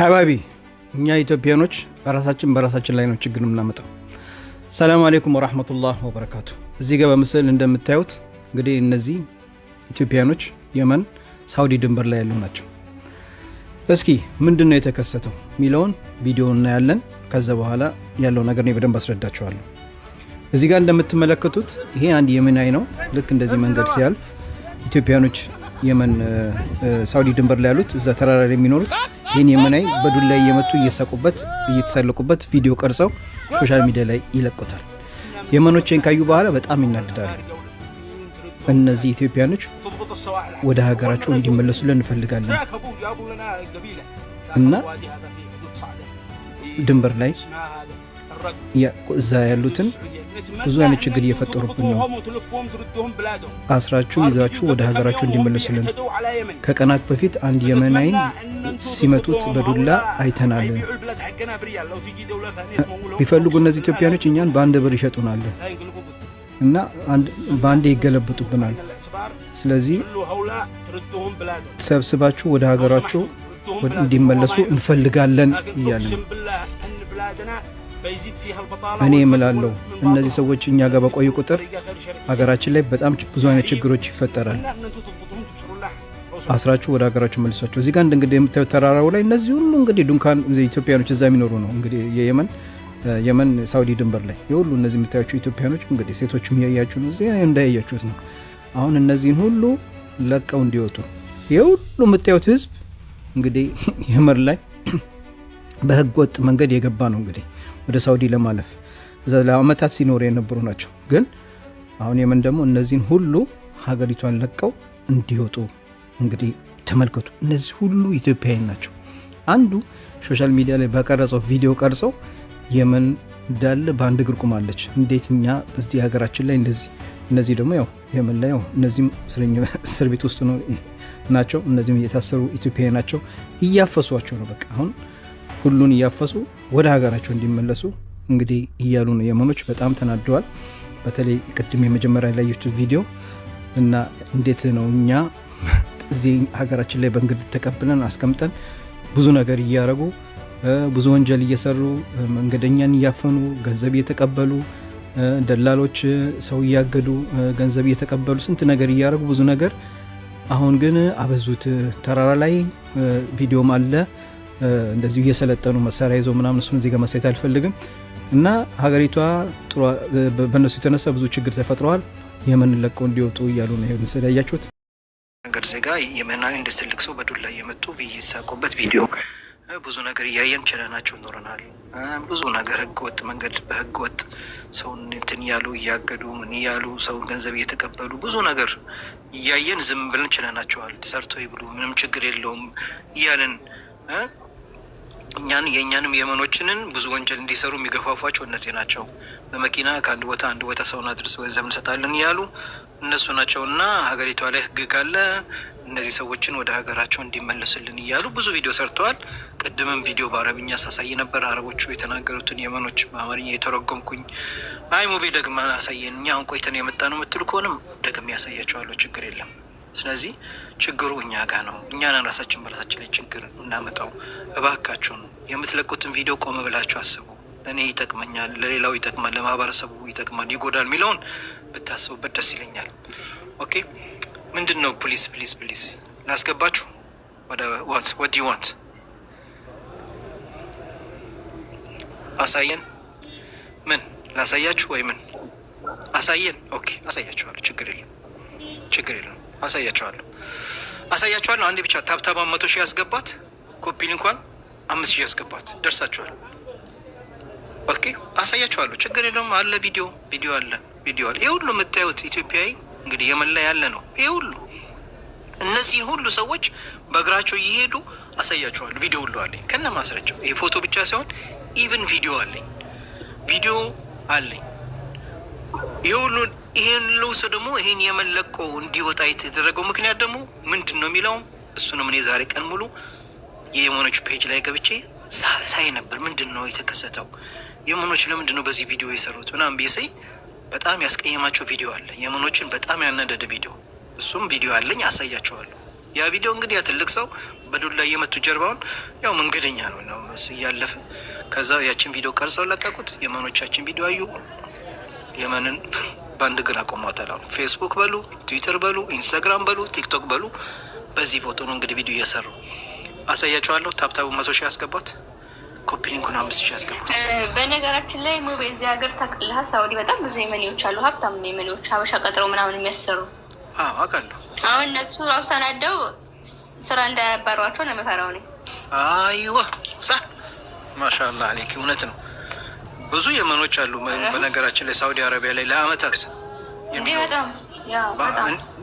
ሀባቢ እኛ ኢትዮጵያኖች ራሳችን በራሳችን ላይ ነው ችግር የምናመጣው። ሰላም አሌይኩም ወራህመቱላህ ወበረካቱ። እዚህ ጋር በምስል እንደምታዩት እንግዲህ እነዚህ ኢትዮጵያኖች የመን ሳውዲ ድንበር ላይ ያሉ ናቸው። እስኪ ምንድን ነው የተከሰተው የሚለውን ቪዲዮ እናያለን። ከዛ በኋላ ያለው ነገር ነው በደንብ አስረዳችኋለሁ። እዚህ ጋር እንደምትመለከቱት ይሄ አንድ የመናዊ ነው። ልክ እንደዚህ መንገድ ሲያልፍ ኢትዮጵያኖች የመን ሳውዲ ድንበር ላይ ያሉት እዛ ተራራ የሚኖሩት ይህን በዱል በዱላ እየመቱ እየሳቁበት እየተሳለቁበት ቪዲዮ ቀርጸው ሶሻል ሚዲያ ላይ ይለቁታል። የመኖቼን ካዩ በኋላ በጣም ይናደዳሉ። እነዚህ ኢትዮጵያኖች ወደ ሀገራቸው እንዲመለሱልን እንፈልጋለን እና ድንበር ላይ እዛ ያሉትን ብዙ አይነት ችግር እየፈጠሩብን ነው። አስራችሁ ይዛችሁ ወደ ሀገራችሁ እንዲመለሱልን። ከቀናት በፊት አንድ የመናይን ሲመቱት በዱላ አይተናል። ቢፈልጉ እነዚህ ኢትዮጵያኖች እኛን በአንድ ብር ይሸጡናል እና በአንድ ይገለብጡብናል። ስለዚህ ሰብስባችሁ ወደ ሀገራችሁ እንዲመለሱ እንፈልጋለን እያለን እኔ እምላለሁ እነዚህ ሰዎች እኛ ጋር በቆዩ ቁጥር ሀገራችን ላይ በጣም ብዙ አይነት ችግሮች ይፈጠራል። አስራችሁ ወደ ሀገራችሁ መልሷቸው። እዚህ ጋር እንግዲህ የምታዩት ተራራው ላይ እነዚህ ሁሉ እንግዲህ ድንኳን ኢትዮጵያኖች እዛ የሚኖሩ ነው እንግዲህ የየመን የመን ሳውዲ ድንበር ላይ የሁሉ እነዚህ የምታያቸው ኢትዮጵያኖች እንግዲህ ሴቶችም እያያችሁ ነው፣ እዚህ እንዳያያችሁት ነው። አሁን እነዚህን ሁሉ ለቀው እንዲወጡ የሁሉ የምታዩት ህዝብ እንግዲህ የመን ላይ በህገ ወጥ መንገድ የገባ ነው እንግዲህ ወደ ሳውዲ ለማለፍ ለአመታት ሲኖሩ የነበሩ ናቸው። ግን አሁን የመን ደግሞ እነዚህን ሁሉ ሀገሪቷን ለቀው እንዲወጡ እንግዲህ ተመልከቱ። እነዚህ ሁሉ ኢትዮጵያዊ ናቸው። አንዱ ሶሻል ሚዲያ ላይ በቀረጸው ቪዲዮ ቀርጾ የመን እንዳለ በአንድ እግር ቁማለች። እንዴት እኛ እዚህ ሀገራችን ላይ እንደዚህ እነዚህ ደግሞ ያው የመን ላይ ያው እነዚህም እስር ቤት ውስጥ ነው ናቸው። እነዚህም እየታሰሩ ኢትዮጵያ ናቸው። እያፈሷቸው ነው በቃ አሁን ሁሉን እያፈሱ ወደ ሀገራቸው እንዲመለሱ እንግዲህ እያሉ ነው የመኖች በጣም ተናደዋል። በተለይ ቅድም የመጀመሪያ ላይ ዩቱብ ቪዲዮ እና እንዴት ነው እኛ እዚህ ሀገራችን ላይ በእንግድ ተቀብለን አስቀምጠን ብዙ ነገር እያረጉ ብዙ ወንጀል እየሰሩ መንገደኛን እያፈኑ ገንዘብ እየተቀበሉ ደላሎች ሰው እያገዱ ገንዘብ እየተቀበሉ ስንት ነገር እያደረጉ ብዙ ነገር አሁን ግን አበዙት። ተራራ ላይ ቪዲዮም አለ እንደዚሁ እየሰለጠኑ መሳሪያ ይዘው ምናምን እሱን ዜጋ ጋ ማሳየት አልፈልግም እና ሀገሪቷ በእነሱ የተነሳ ብዙ ችግር ተፈጥረዋል። የመን ለቀው እንዲወጡ እያሉ ነው። ይሄ ምስል ያያችሁት ነገር ዜጋ የመናዊ እንደ ትልቅ ሰው በዱላ እየመጡ እየተሳቁበት ቪዲዮ ብዙ ነገር እያየን ችለናቸው ኖረናል። ብዙ ነገር ህገወጥ መንገድ በህገወጥ ሰውን እንትን እያሉ እያገዱ ምን እያሉ ሰውን ገንዘብ እየተቀበሉ ብዙ ነገር እያየን ዝም ብለን ችለናቸዋል። ሰርቶ ይብሉ ምንም ችግር የለውም እያለን እኛን የእኛንም የመኖችንን ብዙ ወንጀል እንዲሰሩ የሚገፋፏቸው እነዚህ ናቸው። በመኪና ከአንድ ቦታ አንድ ቦታ ሰውን አድርስ ገንዘብ እንሰጣለን እያሉ እነሱ ናቸው እና ሀገሪቷ ላይ ህግ ካለ እነዚህ ሰዎችን ወደ ሀገራቸው እንዲመለሱልን እያሉ ብዙ ቪዲዮ ሰርተዋል። ቅድምም ቪዲዮ በአረብኛ ሳሳይ ነበር። አረቦቹ የተናገሩትን የመኖች በአማርኛ የተረጎምኩኝ። አይ ሙቤ ደግማ አሳየን፣ እኛ አሁን ቆይተን የመጣ ነው የምትሉ ከሆንም ደግሜ ያሳያቸዋለሁ። ችግር የለም። ስለዚህ ችግሩ እኛ ጋር ነው። እኛን ራሳችን በራሳችን ላይ ችግር እናመጣው። እባካችሁን የምትለቁትን ቪዲዮ ቆም ብላችሁ አስቡ። ለእኔ ይጠቅመኛል፣ ለሌላው ይጠቅማል፣ ለማህበረሰቡ ይጠቅማል፣ ይጎዳል የሚለውን ብታስቡበት ደስ ይለኛል። ኦኬ ምንድን ነው? ፕሊስ ፕሊስ ፕሊስ ላስገባችሁ። ወደ ዋት ወዲ ዋንት አሳየን። ምን ላሳያችሁ ወይ ምን አሳየን? ኦኬ አሳያችኋለሁ። ችግር የለም፣ ችግር የለም። አሳያችኋለሁ አሳያችኋለሁ። አንዴ ብቻ ታብታባ መቶ ሺህ ያስገባት ኮፒል እንኳን አምስት ሺህ ያስገባት ደርሳችኋል። ኦኬ አሳያችኋለሁ። ችግር የለውም። አለ ቪዲዮ ቪዲዮ አለ ቪዲዮ አለ። ይህ ሁሉ የምታዩት ኢትዮጵያዊ እንግዲህ የመላ ያለ ነው። ይህ ሁሉ እነዚህ ሁሉ ሰዎች በእግራቸው እየሄዱ አሳያችኋለሁ። ቪዲዮ ሁሉ አለኝ ከነ ማስረጃው። ይህ ፎቶ ብቻ ሳይሆን ኢቨን ቪዲዮ አለኝ ቪዲዮ አለኝ። ይህ ሁሉ ይሄን ልውሰ ደግሞ ይሄን የመለቆ እንዲወጣ የተደረገው ምክንያት ደግሞ ምንድን ነው የሚለውም እሱንም እኔ ዛሬ ቀን ሙሉ የየመኖች ፔጅ ላይ ገብቼ ሳይ ነበር። ምንድን ነው የተከሰተው? የመኖች ለምንድን ነው በዚህ ቪዲዮ የሰሩት? ምናምን ብዬ በጣም ያስቀየማቸው ቪዲዮ አለ። የመኖችን በጣም ያናደደ ቪዲዮ፣ እሱም ቪዲዮ አለኝ፣ አሳያቸዋለሁ። ያ ቪዲዮ እንግዲህ ያ ትልቅ ሰው በዱላ የመቱ ጀርባውን፣ ያው መንገደኛ ነው ነው እያለፈ ከዛ ያችን ቪዲዮ ቀርጸው ለቀቁት። የመኖቻችን ቪዲዮ አዩ የመንን በአንድ ግን አቆሟታል አሉ። ፌስቡክ በሉ፣ ትዊተር በሉ፣ ኢንስታግራም በሉ፣ ቲክቶክ በሉ። በዚህ ፎቶ ነው እንግዲህ ቪዲዮ እየሰሩ አሳያቸዋለሁ። ታብታቡ መቶ ሺህ ያስገባት ኮፒሊንኩን አምስት ሺህ ያስገባት። በነገራችን ላይ ሙቤ እዚህ ሀገር ተቅልሃል። ሳውዲ በጣም ብዙ የመሌዎች አሉ፣ ሀብታም የመሌዎች ሀበሻ ቀጥረው ምናምን የሚያሰሩ አውቃለሁ። አሁን እነሱ ራሱ ተናደው ስራ እንዳያባሯቸው ነው የምፈራው እኔ። አይዋ ሳ ማሻላ አሌክ እውነት ነው። ብዙ የመኖች አሉ። በነገራችን ላይ ሳውዲ አረቢያ ላይ ለአመታት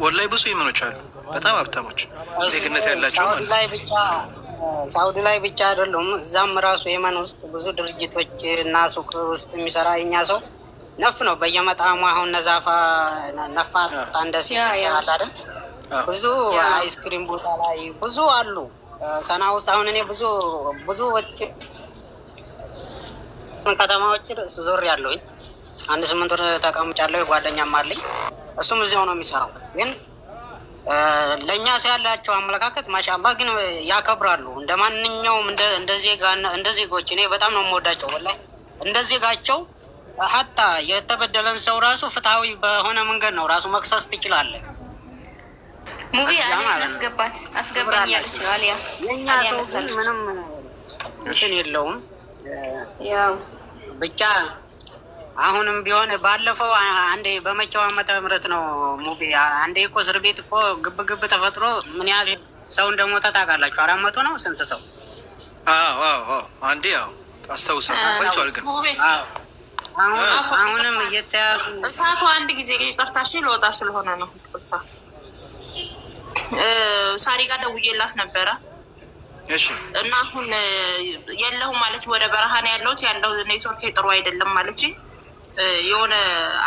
ወላይ ብዙ የመኖች አሉ። በጣም ሀብታሞች ዜግነት ያላቸው ሳውዲ ላይ ብቻ አይደሉም። እዛም ራሱ የመን ውስጥ ብዙ ድርጅቶች እና ሱቅ ውስጥ የሚሰራ የኛ ሰው ነፍ ነው። በየመጣሙ አሁን ነዛፋ ነፋ ታንደሲ አለ አይደል? ብዙ አይስክሪም ቦታ ላይ ብዙ አሉ። ሰና ውስጥ አሁን እኔ ብዙ ብዙ ሁለቱን ከተማዎች ዞር ያለውኝ አንድ ስምንት ወር ተቀምጫለሁ። ጓደኛም አለኝ እሱም እዚያው ነው የሚሰራው። ግን ለእኛ ሰው ያላቸው አመለካከት ማሻላ ግን ያከብራሉ። እንደ ማንኛውም እንደ ዜጎች እኔ በጣም ነው የምወዳቸው። በላይ እንደ ዜጋቸው ሀታ የተበደለን ሰው ራሱ ፍትሐዊ በሆነ መንገድ ነው ራሱ መክሰስ ትችላለህ። ሙቪ አስገባት አስገባኝ ይችላል። ያ የእኛ ሰው ግን ምንም እንትን የለውም ያው ብቻ አሁንም ቢሆን ባለፈው አንዴ በመቼው ዓመተ ምህረት ነው ሙቤ አንዴ እኮ እስር ቤት እኮ ግብ ግብ ተፈጥሮ ምን ያህል ሰው እንደሞተ ታውቃላችሁ? አራት መቶ ነው ስንት ሰው አንዴ ያው አስታውሳል። ግን አሁንም እየተያዙ እሳቱ አንድ ጊዜ ይቅርታሽ ልወጣ ስለሆነ ነው። ይቅርታ ሳሪ ጋር ደውዬላት ነበረ እና አሁን የለሁ ማለት ወደ በረሃ ነው ያለሁት። ያለው ኔትወርክ ጥሩ አይደለም ማለት የሆነ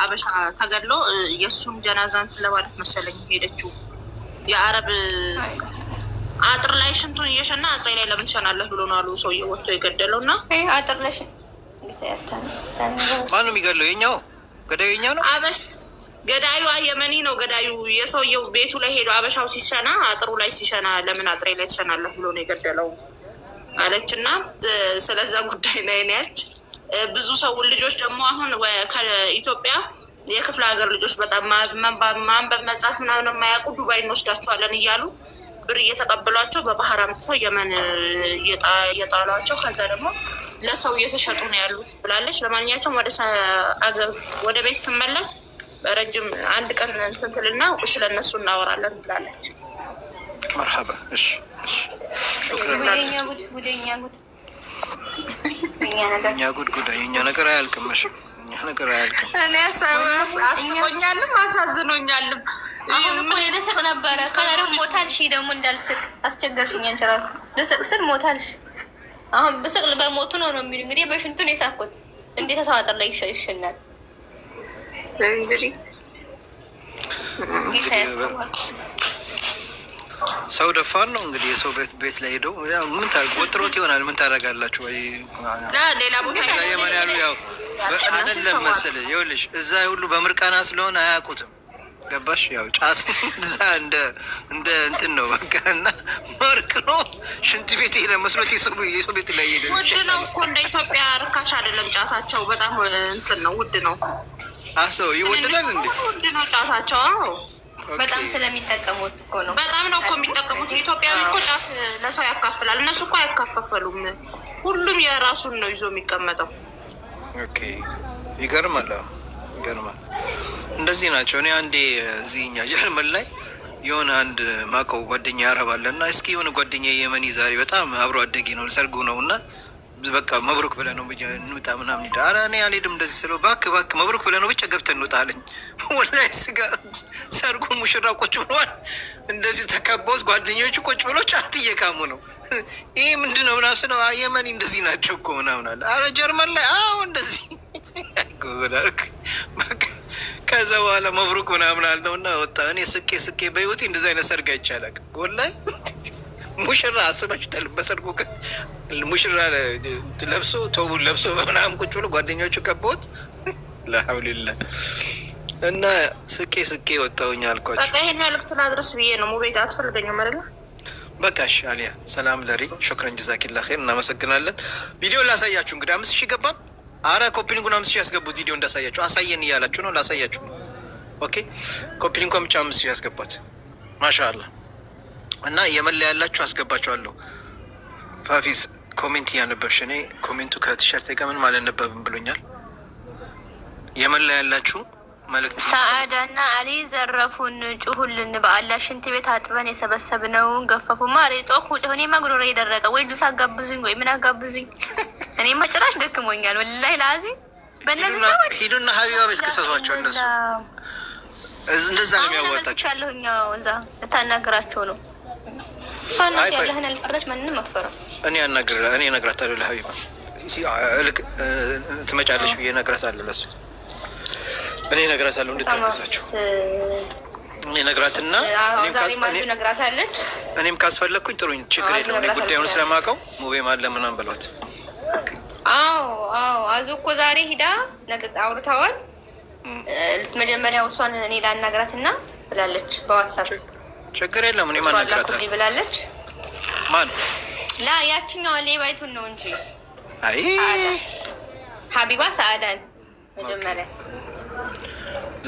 አበሻ ተገድሎ የእሱን ጀናዛ እንትን ለማለት መሰለኝ ሄደችው የአረብ አጥር ላይ ሽንቱን እየሸና አጥሬ ላይ ለምን ትሸናለህ ብሎ ነው አሉ ሰውዬው ወጥቶ የገደለው እና አጥር ላይ ሽንት ማነው የሚገድለው? የኛው ገዳዩ የኛ ነው። አበሻ ገዳዩ የመኒ ነው። ገዳዩ የሰውየው ቤቱ ላይ ሄዶ አበሻው ሲሸና አጥሩ ላይ ሲሸና ለምን አጥሬ ላይ ትሸናለህ ብሎ ነው የገደለው አለች እና ስለዛ ጉዳይ ነው ብዙ ሰው ልጆች ደግሞ አሁን ከኢትዮጵያ የክፍለ ሀገር ልጆች በጣም ማንበብ መጻፍ ምናምን የማያውቁ ዱባይ እንወስዳቸዋለን እያሉ ብር እየተቀበሏቸው በባህር አምጥተው የመን እየጣሏቸው ከዛ ደግሞ ለሰው እየተሸጡ ነው ያሉት ብላለች። ለማንኛቸውም ወደ ቤት ስመለስ ረጅም አንድ ቀን እንትን ትልና ስለ እነሱ እናወራለን ብላለች። መርሐባ እሺ፣ እሺ። ሹክራን የእኛ ጉድ ጉዳ የእኛ ነገር አያልቅም። እሺ፣ የእኛ ነገር አያልቅም። አስቆኛልም አሳዝኖኛልም። አሁን እኮ እኔ ልስቅ ነበረ ከነሩ ሞታል። እሺ፣ ደግሞ እንዳልስቅ አስቸገርሽኝ። አንቺ እራሱ ልስቅ ስል ሞታል። አሁን ብስቅ በሞቱ ነው ነው የሚሉ እንግዲህ በሽንቱን ነው የሳኩት። እንዴት ተሰዋጠር ላይ ይሸናል እንግዲህ ሰው ደፋር ነው እንግዲህ የሰው ቤት ቤት ላይ ሄደው ምን ቆጥሮት ይሆናል። ምን ታደርጋላችሁ? ወይ ሌላ ቦታ ያሉ ያው አይደለም መሰለህ። ይኸውልሽ እዛ ሁሉ በምርቃና ስለሆነ አያውቁትም። ገባሽ? ያው ጫት እዛ እንደ እንደ እንትን ነው በቃ እና መርቅኖ ሽንት ቤት ሄደ መስሎት የሰው ቤት ላይ ሄደ። ውድ ነው እኮ እንደ ኢትዮጵያ ርካሽ አይደለም ጫታቸው። በጣም እንትን ነው፣ ውድ ነው። አሰው ይወደዳል እንዴ? ውድ ነው ጫታቸው። በጣም ስለሚጠቀሙት እኮ ነው። በጣም ነው እኮ የሚጠቀሙት። ኢትዮጵያዊ እኮ ጫት ለሰው ያካፍላል። እነሱ እኮ አይካፈፈሉም። ሁሉም የራሱን ነው ይዞ የሚቀመጠው። ኦኬ፣ ይገርማል፣ ይገርማል። እንደዚህ ናቸው። እኔ አንዴ እዚህ እኛ ጀርመን ላይ የሆነ አንድ ማቀው ጓደኛ ያረባለ እና እስኪ የሆነ ጓደኛ የመኒ ዛሬ በጣም አብሮ አደጌ ነው ሰርጉ ነው እና በቃ መብሩክ ብለህ ነው እንውጣ ምናምን ሄደ። ኧረ እኔ አልሄድም እንደዚህ ስለው፣ እባክህ እባክህ መብሩክ ብለህ ነው ብቻ ገብተን እንውጣ አለኝ። ወላሂ ስጋ ሰርጉ ሙሽራ ቁጭ ብሏል እንደዚህ ተከበውስ ጓደኞቹ ቁጭ ብሎ ጫት እየቃሙ ነው። ይህ ምንድን ነው ምናምን ስለው፣ የመን እንደዚህ ናቸው እኮ ምናምን አለ። ኧረ ጀርመን ላይ አዎ እንደዚህ ከዛ በኋላ መብሩክ ምናምን አልነው እና ወጣ። እኔ ስቄ ስቄ በህይወቴ እንደዚህ አይነት ሰርግ አይቻልም ወላሂ ሙሽራ አስባችሁታል በሰርጉ ቀን ሙሽራ ለብሶ ቶቡን ለብሶ በምናምን ቁጭ ብሎ ጓደኞቹ ከቦት ለሀብልላ እና ስቄ ስቄ ወጣሁኝ አልኳቸው። በቃ ይሄን መልዕክት ላድረስ ብዬ ነው። ሙቤት አትፈልገኝም አይደለ? በቃ እሺ። አሊያ ሰላም ለሪ ሾክረን ጀዛኪላ ኸይር። እናመሰግናለን። ቪዲዮ ላሳያችሁ እንግዲህ አምስት ሺህ ገባን። አረ ኮፒሊንጉን አምስት ሺህ ያስገቡት ቪዲዮ እንዳሳያችሁ አሳየን እያላችሁ ነው። ላሳያችሁ ነው። ኦኬ ኮፒሊንጉን ብቻ አምስት ሺህ ያስገባት። ማሻአላ እና የመለያ ያላችሁ አስገባችኋለሁ ፋፊስ ኮሜንት እያነበብሽ እኔ ኮሜንቱ ከቲሸርት ጋር ምንም አላነበብም ብሎኛል። የመላ ያላችሁ መልእክት ሰአዳና አሊ ዘረፉን፣ ጩሁልን በአላ ሽንት ቤት አጥበን የሰበሰብነውን ገፈፉ። ማሬ ጦኩ ጭሆኔ ማጉሮሮ የደረቀ ወይ ጁስ አጋብዙኝ ወይ ምን አጋብዙኝ። እኔ መጭራሽ ደክሞኛል ወላሂ ላዚ። በእነዚህ ሂዱና ሀቢባ ቤት ክሰቷቸው። እነሱ እንደዛ ነው የሚያዋጣቸው። ያለሁኛው እዛ እታናግራቸው ነው እሷ ያለህን ልፈረጅ ማንንም አፈረው እኔ እኔ እነግራታለሁ ለሀቢባ ልክ ትመጫለሽ ብዬ እነግራታለሁ። ለሱ እኔ እነግራታለሁ እንድታገዛቸው እኔ እነግራትና እኔም ካስፈለግኩኝ ጥሩኝ፣ ችግር የለም። እኔ ጉዳዩን ስለማውቀው ሙቤ ማለ ምናምን ብሏት። አዎ አዎ፣ አዙ እኮ ዛሬ ሂዳ አውርተዋል። መጀመሪያ እሷን እኔ ላናግራትና ብላለች፣ በዋትሳፕ ችግር የለም። እኔ ማናግራታለሁ ብላለች። ማን ላ ያችኛዋ ሌባይቱን ነው እንጂ ሀቢባ ሰአዳን መጀመሪያ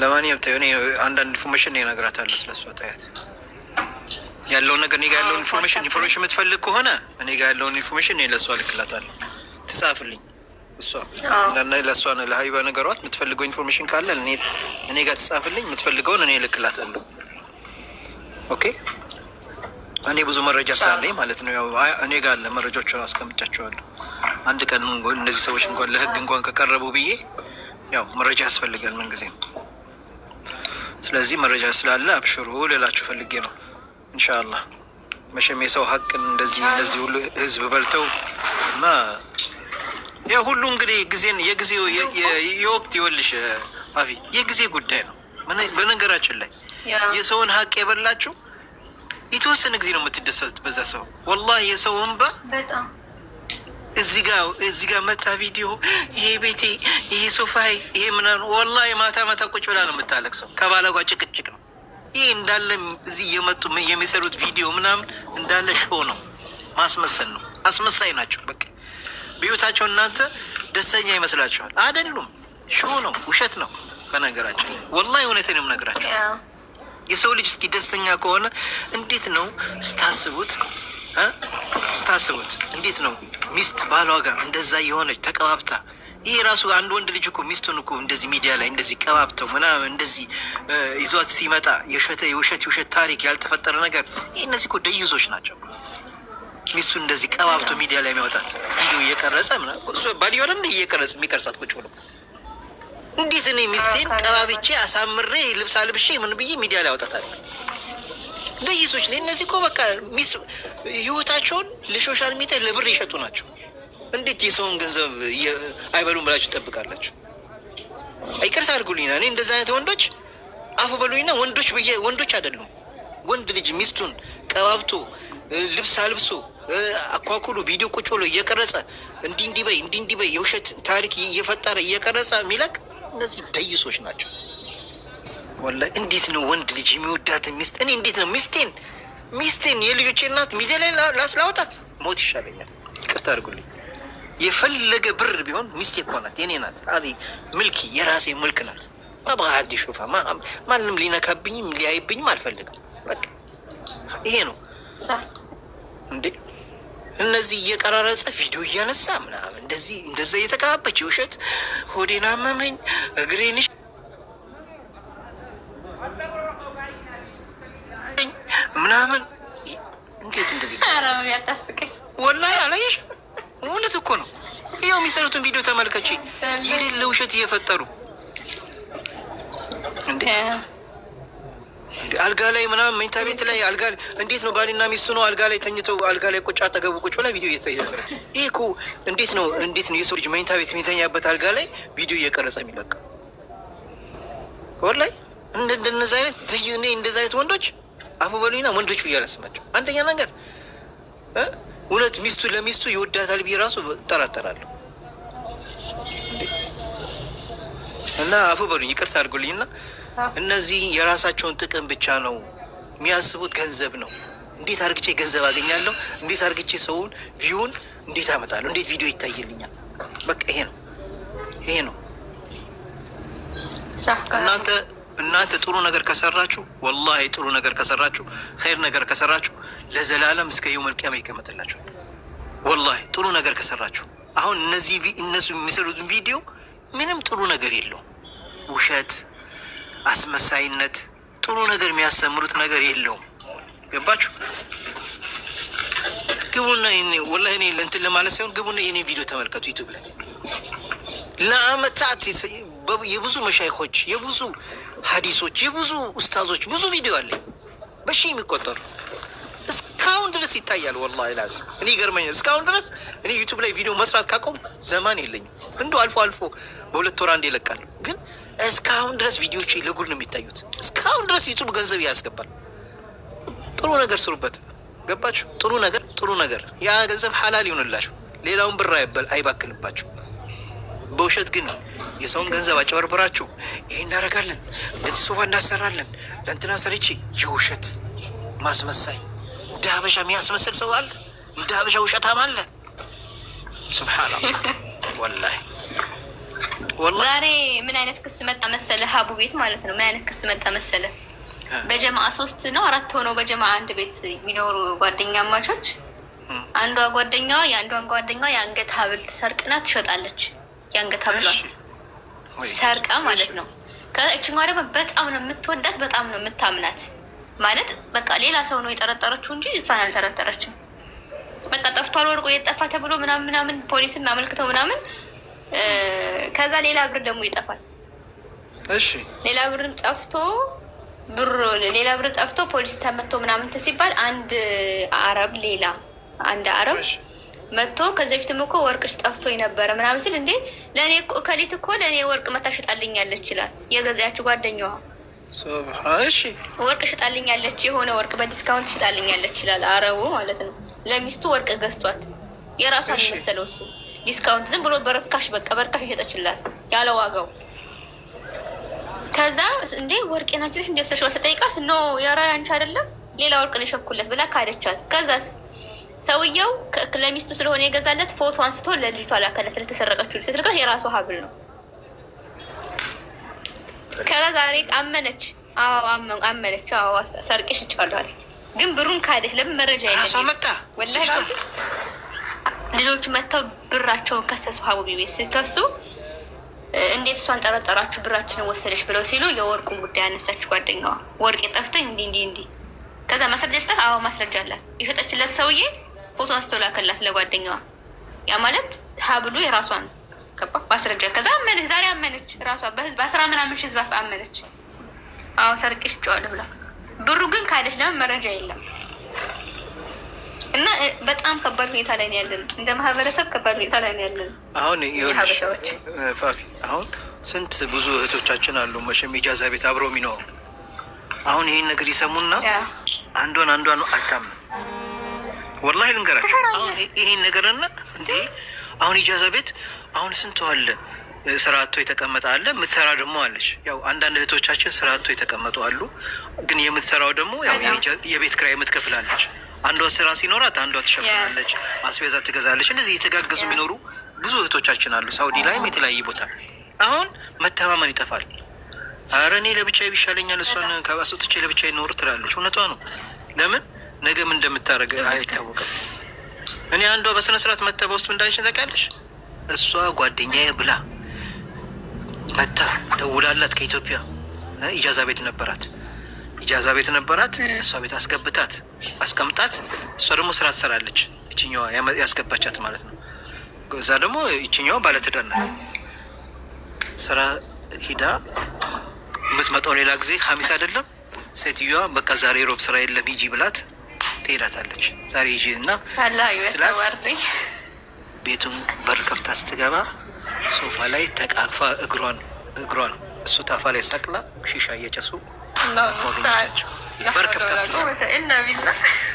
ለማንኛውም የሆነ አንዳንድ ኢንፎርሜሽን እነግራታለሁ ስለሷ ታያት ያለውን ነገር እኔ ጋ ያለውን ኢንፎርሜሽን ኢንፎርሜሽን የምትፈልግ ከሆነ እኔ ጋ ያለውን ኢንፎርሜሽን እኔ ለእሷ ልክላታለሁ ትጻፍልኝ እሷ ለእሷ ለሀቢባ ነገሯት የምትፈልገው ኢንፎርሜሽን ካለ እኔ ጋር ትጻፍልኝ የምትፈልገውን እኔ ልክላታለሁ ኦኬ እኔ ብዙ መረጃ ስላለኝ ማለት ነው። እኔ ጋር አለ መረጃዎች አስቀምጫቸዋለሁ። አንድ ቀን እነዚህ ሰዎች እንኳን ለህግ እንኳን ከቀረቡ ብዬ ያው መረጃ ያስፈልጋል ምንጊዜም። ስለዚህ መረጃ ስላለ አብሽሩ ልላችሁ ፈልጌ ነው። እንሻላ መቼም የሰው ሀቅን እንደዚህ እነዚህ ሁሉ ህዝብ በልተው እና ያ ሁሉ እንግዲህ ጊዜን የጊዜው የወቅት ይወልሽ አፊ የጊዜ ጉዳይ ነው። በነገራችን ላይ የሰውን ሀቅ የበላችሁ የተወሰነ ጊዜ ነው የምትደሰቱት በዛ ሰው። ወላ የሰው እንባ እዚ ጋ መታ ቪዲዮ ይሄ ቤቴ ይሄ ሶፋይ ይሄ ምናምን፣ ወላ ማታ ማታ ቁጭ ብላ ነው ሰው ከባለጓ ጭቅጭቅ ነው ይህ እንዳለ እዚህ እየመጡ የሚሰሩት ቪዲዮ ምናምን እንዳለ ሾ ነው፣ ማስመሰል ነው። አስመሳይ ናቸው። በቃ በህይወታቸው እናንተ ደስተኛ ይመስላችኋል፣ አይደሉም። ሾ ነው፣ ውሸት ነው። በነገራቸው ወላ እውነቴን ነው የምነግራቸው። የሰው ልጅ እስኪ ደስተኛ ከሆነ እንዴት ነው ስታስቡት ስታስቡት እንዴት ነው ሚስት ባሏ ጋር እንደዛ የሆነች ተቀባብታ ይህ ራሱ አንድ ወንድ ልጅ እኮ ሚስቱን እኮ እንደዚህ ሚዲያ ላይ እንደዚህ ቀባብተው ምናምን እንደዚህ ይዟት ሲመጣ የሸተ የውሸት የውሸት ታሪክ ያልተፈጠረ ነገር ይህ እነዚህ እኮ ደይዞች ናቸው። ሚስቱን እንደዚህ ቀባብቶ ሚዲያ ላይ የሚያወጣት ቪዲዮ እየቀረጸ ምናምን እሱ ባልየሆነ እየቀረጽ የሚቀርጻት ቁጭ ብሎ እንዴት እኔ ሚስቴን ጠባብቼ አሳምሬ ልብስ አልብሼ ምን ብዬ ሚዲያ ላይ አውጣታል? ለይሶች ነ እነዚህ እኮ በቃ ሚስ ህይወታቸውን ለሶሻል ሚዲያ ለብር ይሸጡ ናቸው። እንዴት የሰውን ገንዘብ አይበሉም ብላችሁ ትጠብቃላችሁ? ይቅርታ አድርጉልኝና እኔ እንደዚህ አይነት ወንዶች አፉ በሉኝና ወንዶች ብዬ ወንዶች አይደሉም። ወንድ ልጅ ሚስቱን ቀባብቶ ልብስ አልብሶ አኳኩሎ ቪዲዮ ቁጭ ብሎ እየቀረጸ እንዲህ እንዲህ በይ እንዲህ እንዲህ በይ የውሸት ታሪክ እየፈጠረ እየቀረጸ የሚለቅ እነዚህ ደይሶች ናቸው። ወላሂ እንዴት ነው ወንድ ልጅ የሚወዳት ሚስት እኔ እንዴት ነው ሚስቴን ሚስቴን የልጆቼ እናት ሚዲያ ላይ ላስላወጣት ሞት ይሻለኛል። ይቅርታ አድርጉልኝ። የፈለገ ብር ቢሆን ሚስቴ እኮ ናት፣ የኔ ናት። አዚ ምልኪ የራሴ ምልክ ናት። አብቃ አዲ ማንም ሊነካብኝም ሊያይብኝም አልፈልግም። በቃ ይሄ ነው እንዴ እነዚህ እየቀራረጸ ቪዲዮ እያነሳ ምናምን እንደዚህ እንደዛ እየተቀባበች ውሸት ሆዴን አመመኝ እግሬን ምናምን እንዴት እንደዚህ ወላሂ አላየሽም? እውነት እኮ ነው። ያው የሚሰሩትን ቪዲዮ ተመልከች። የሌለ ውሸት እየፈጠሩ እንዴ አልጋ ላይ ምናምን መኝታ ቤት ላይ አልጋ እንዴት ነው ባልና ሚስቱ ነው አልጋ ላይ ተኝተው አልጋ ላይ ቁጭ አጠገቡ ቁጭ ብላ ቪዲዮ እየተሳይ ነበር። ይህ እኮ እንዴት ነው እንዴት ነው የሰው ልጅ መኝታ ቤት የሚተኛበት አልጋ ላይ ቪዲዮ እየቀረጸ ወር ላይ እንደነዚህ አይነት ትይ እኔ እንደዚህ አይነት ወንዶች አፉ በሉኝና ወንዶች ብዬ አላስማቸው። አንደኛ ነገር እውነት ሚስቱ ለሚስቱ ይወዳታል ብዬ ራሱ እጠራጠራለሁ። እና አፉ በሉኝ ይቅርታ አድርጉልኝና እነዚህ የራሳቸውን ጥቅም ብቻ ነው የሚያስቡት። ገንዘብ ነው። እንዴት አርግቼ ገንዘብ አገኛለሁ? እንዴት አርግቼ ሰውን ቪውን እንዴት አመጣለሁ? እንዴት ቪዲዮ ይታይልኛል? በቃ ይሄ ነው ይሄ ነው። እናንተ እናንተ ጥሩ ነገር ከሰራችሁ ወላሂ ጥሩ ነገር ከሰራችሁ ኸይር ነገር ከሰራችሁ ለዘላለም እስከ የው መልቅያማ ይቀመጥላችኋል። ወላሂ ጥሩ ነገር ከሰራችሁ አሁን እነዚህ እነሱ የሚሰሩትን ቪዲዮ ምንም ጥሩ ነገር የለው ውሸት አስመሳይነት፣ ጥሩ ነገር የሚያስተምሩት ነገር የለውም። ገባችሁ? ግቡና ወላ እኔ እንትን ለማለት ሳይሆን ግቡና የኔ ቪዲዮ ተመልከቱ ዩቱብ ላይ ለአመታት የብዙ መሻይኮች የብዙ ሀዲሶች የብዙ ኡስታዞች ብዙ ቪዲዮ አለ በሺ የሚቆጠሩ እስካሁን ድረስ ይታያል። ወላሂ ላዚ እኔ ይገርመኛል። እስካሁን ድረስ እኔ ዩቱብ ላይ ቪዲዮ መስራት ካቆም ዘማን የለኝም። እንዶ አልፎ አልፎ በሁለት ወር አንድ ይለቃል ግን እስካሁን ድረስ ቪዲዮቹ ለጉድ ነው የሚታዩት። እስካሁን ድረስ ዩቱብ ገንዘብ ያስገባል። ጥሩ ነገር ስሩበት። ገባችሁ? ጥሩ ነገር ጥሩ ነገር ያ ገንዘብ ሀላል ይሆንላችሁ። ሌላውን ብር አይባክንባችሁ። በውሸት ግን የሰውን ገንዘብ አጨበርበራችሁ ይሄ እናደርጋለን፣ ለዚህ ሶፋ እናሰራለን፣ ለእንትና ሰርቼ የውሸት ማስመሳይ እንደ ሀበሻ የሚያስመስል ሰው አለ። እንደ ሀበሻ ውሸታም አለ። ሱብሓነላህ ወላሂ ዛሬ ምን አይነት ክስ መጣ መሰለ? ሀቡ ቤት ማለት ነው። ምን አይነት ክስ መጣ መሰለ? በጀማአ ሶስት ነው አራት ሆነው በጀማ አንድ ቤት የሚኖሩ ጓደኛ ማቾች አንዷ ጓደኛዋ የአንዷን ጓደኛዋ የአንገት ሀብል ትሰርቅና ትሸጣለች። የአንገት ሀብሏ ሰርቃ ማለት ነው። ከእችኛ ደግሞ በጣም ነው የምትወዳት፣ በጣም ነው የምታምናት። ማለት በቃ ሌላ ሰው ነው የጠረጠረችው እንጂ እሷን አልጠረጠረችም። በቃ ጠፍቷል፣ ወርቆ የጠፋ ተብሎ ምናምን ምናምን ፖሊስም አመልክተው ምናምን ከዛ ሌላ ብር ደግሞ ይጠፋል። እሺ ሌላ ብር ጠፍቶ ብር ሌላ ብር ጠፍቶ ፖሊስ ተመቶ ምናምን ተሲባል አንድ አረብ ሌላ አንድ አረብ መጥቶ ከዚህ በፊትም እኮ ወርቅሽ ጠፍቶ ነበረ ምናምን ስል እንዴ ለእኔ ከሊት እኮ ለእኔ ወርቅ መታ ሽጣልኛለች ይችላል የገዛያችሁ ጓደኛዋ ወርቅ ሽጣልኛለች የሆነ ወርቅ በዲስካውንት ሽጣልኛለች ይችላል አረቡ ማለት ነው። ለሚስቱ ወርቅ ገዝቷት የራሷን የመሰለው እሱ ዲስካውንት ዝም ብሎ በርካሽ በቃ በርካሽ ይሸጠችላት ያለ ዋጋው። ከዛ እንዴ ወርቄ ናችለሽ እንዲ ሰሽ ስጠይቃት ኖ የራ አንቺ አይደለም ሌላ ወርቅ ነው የሸኩለት ብላ ካደቻት። ከዛ ሰውየው ለሚስቱ ስለሆነ የገዛለት ፎቶ አንስቶ ለልጅቷ ላከለት፣ ለተሰረቀችው ስትልቀት የራሱ ሀብል ነው። ከዛ ዛሬ አመነች። አዎ አመነች። አዎ ሰርቄሽ እጫለሁ አለች። ግን ብሩን ካደች። ለምን መረጃ የለ መጣ ወላ ልጆቹ መጥተው ብራቸውን ከሰሱ ሀቡቢ ቤት ሲከሱ እንዴት እሷን ጠረጠራችሁ ብራችንን ወሰደች ብለው ሲሉ የወርቁን ጉዳይ አነሳች ጓደኛዋ። ወርቅ የጠፍቶኝ እንዲህ እንዲህ እንዲህ ከዛ ማስረጃ ስጠት። አዎ ማስረጃ አላት። የሸጠችለት ሰውዬ ፎቶ አስተላከላት ለጓደኛዋ። ያ ማለት ሀብሉ የራሷን ገባ ማስረጃ። ከዛ አመነች፣ ዛሬ አመነች። ራሷ በህዝብ አስራ ምናምን ህዝብ አመነች። አዎ ሰርቄ ሽጬዋለሁ ብላ ብሩ ግን ካለች። ለምን መረጃ የለም እና በጣም ከባድ ሁኔታ ላይ ያለን። እንደ ማህበረሰብ ከባድ ሁኔታ ላይ ያለን። አሁን አሁን ስንት ብዙ እህቶቻችን አሉ መቼም ኢጃዛ ቤት አብረው የሚኖሩ አሁን ይህን ነገር ይሰሙና አንዷን አንዷን አታም ወላሂ ልንገራቸው አሁን ይህን ነገርና እንዴ አሁን ኢጃዛ ቤት አሁን ስንት አለ ስራ አቶ የተቀመጠ አለ፣ የምትሰራ ደግሞ አለች። ያው አንዳንድ እህቶቻችን ስራ አቶ የተቀመጡ አሉ፣ ግን የምትሰራው ደግሞ የቤት ኪራይ የምትከፍላለች አንዷ ስራ ሲኖራት አንዷ ትሸፍናለች፣ ማስቤዛ ትገዛለች። እንደዚህ የተጋገዙ የሚኖሩ ብዙ እህቶቻችን አሉ፣ ሳውዲ ላይም የተለያየ ቦታ። አሁን መተማመን ይጠፋል። አረ እኔ ለብቻ ቢሻለኛል፣ እሷን ለብቻ ለብቻዬ ይኖር ትላለች። እውነቷ ነው። ለምን ነገም ምን እንደምታደርግ አይታወቅም። እኔ አንዷ በስነ ስርዓት መታ በውስጡ እንዳለችን ታውቂያለሽ። እሷ ጓደኛዬ ብላ መታ ደውላላት ከኢትዮጵያ ኢጃዛ ቤት ነበራት ኢጃዛ ቤት ነበራት። እሷ ቤት አስገብታት አስቀምጣት። እሷ ደግሞ ስራ ትሰራለች፣ እችኛዋ ያስገባቻት ማለት ነው። እዛ ደግሞ እችኛዋ ባለትዳር ናት። ስራ ሂዳ የምትመጣው ሌላ ጊዜ ሀሚስ አይደለም። ሴትዮዋ በቃ ዛሬ ሮብ ስራ የለም ሂጂ ብላት ትሄዳታለች። ዛሬ ሂጂ እና ስትላት ቤቱን በር ከፍታ ስትገባ ሶፋ ላይ ተቃፋ እግሯን እግሯን እሱ ታፋ ላይ ሰቅላ ሺሻ እየጨሱ ነው